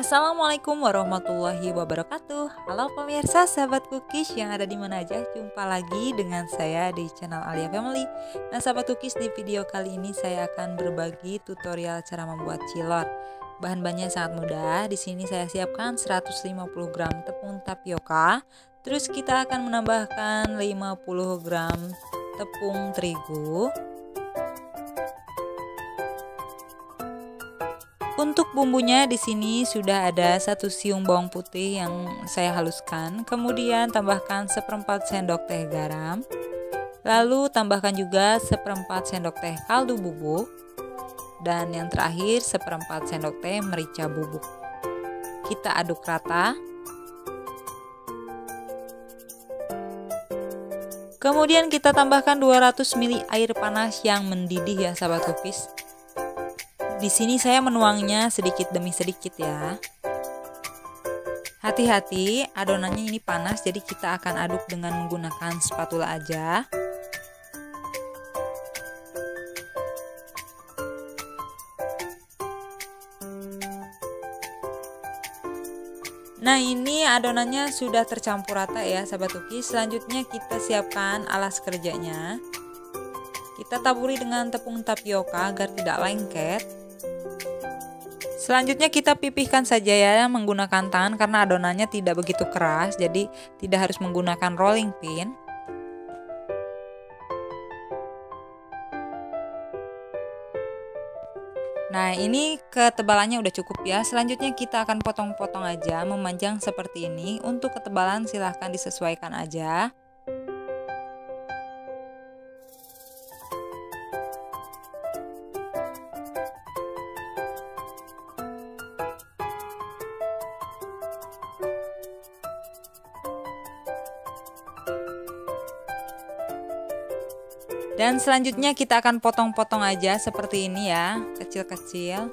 Assalamualaikum warahmatullahi wabarakatuh Halo pemirsa sahabat cookies yang ada di mana aja Jumpa lagi dengan saya di channel Alia Family Nah sahabat cookies di video kali ini saya akan berbagi tutorial cara membuat cilor Bahan-bahannya sangat mudah Di sini saya siapkan 150 gram tepung tapioka Terus kita akan menambahkan 50 gram tepung terigu Untuk bumbunya di sini sudah ada satu siung bawang putih yang saya haluskan, kemudian tambahkan seperempat sendok teh garam, lalu tambahkan juga seperempat sendok teh kaldu bubuk, dan yang terakhir seperempat sendok teh merica bubuk. Kita aduk rata. Kemudian kita tambahkan 200 ml air panas yang mendidih ya sahabat kupis. Di sini saya menuangnya sedikit demi sedikit ya. Hati-hati, adonannya ini panas jadi kita akan aduk dengan menggunakan spatula aja. Nah ini adonannya sudah tercampur rata ya sahabat tuki Selanjutnya kita siapkan alas kerjanya Kita taburi dengan tepung tapioka agar tidak lengket Selanjutnya kita pipihkan saja ya menggunakan tangan karena adonannya tidak begitu keras jadi tidak harus menggunakan rolling pin. Nah ini ketebalannya udah cukup ya Selanjutnya kita akan potong-potong aja memanjang seperti ini Untuk ketebalan silahkan disesuaikan aja Dan selanjutnya kita akan potong-potong aja seperti ini ya, kecil-kecil.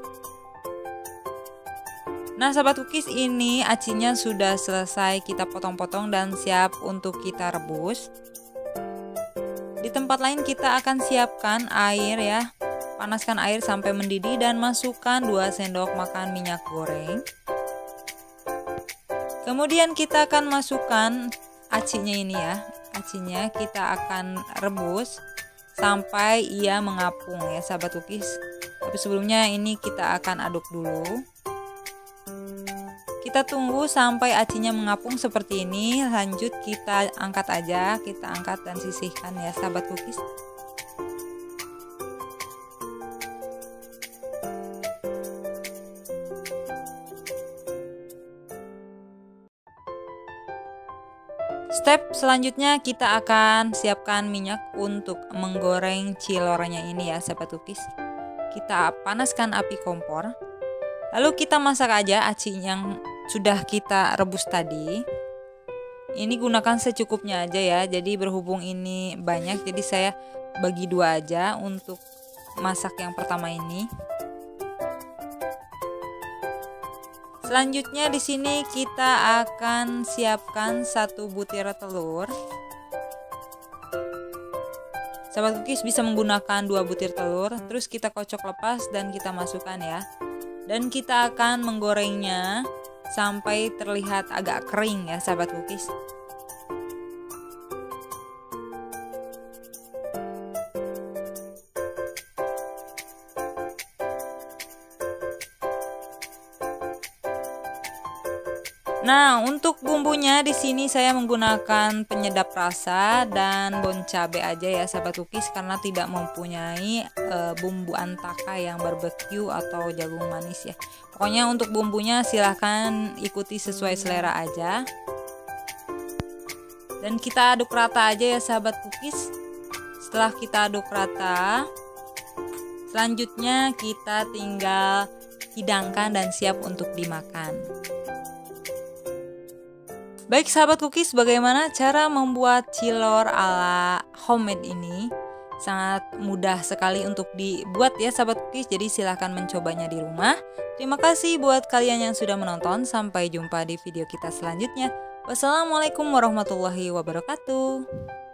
Nah sahabat cookies ini acinya sudah selesai kita potong-potong dan siap untuk kita rebus Di tempat lain kita akan siapkan air ya Panaskan air sampai mendidih dan masukkan 2 sendok makan minyak goreng Kemudian kita akan masukkan acinya ini ya Acinya kita akan rebus sampai ia mengapung ya sahabat cookies tapi sebelumnya ini kita akan aduk dulu kita tunggu sampai acinya mengapung seperti ini lanjut kita angkat aja kita angkat dan sisihkan ya sahabat cookies Step selanjutnya kita akan siapkan minyak untuk menggoreng cilornya ini ya sahabat tukis. Kita panaskan api kompor. Lalu kita masak aja aci yang sudah kita rebus tadi. Ini gunakan secukupnya aja ya. Jadi berhubung ini banyak jadi saya bagi dua aja untuk masak yang pertama ini. Selanjutnya di sini kita akan siapkan satu butir telur. Sahabat cookies bisa menggunakan dua butir telur, terus kita kocok lepas dan kita masukkan ya. Dan kita akan menggorengnya sampai terlihat agak kering ya sahabat cookies. Nah, untuk bumbunya di sini saya menggunakan penyedap rasa dan bon cabe aja ya sahabat cookies karena tidak mempunyai e, bumbu antaka yang barbecue atau jagung manis ya. Pokoknya untuk bumbunya silahkan ikuti sesuai selera aja. Dan kita aduk rata aja ya sahabat cookies. Setelah kita aduk rata, selanjutnya kita tinggal hidangkan dan siap untuk dimakan. Baik sahabat cookies, bagaimana cara membuat cilor ala homemade ini? Sangat mudah sekali untuk dibuat ya sahabat cookies, jadi silahkan mencobanya di rumah. Terima kasih buat kalian yang sudah menonton, sampai jumpa di video kita selanjutnya. Wassalamualaikum warahmatullahi wabarakatuh.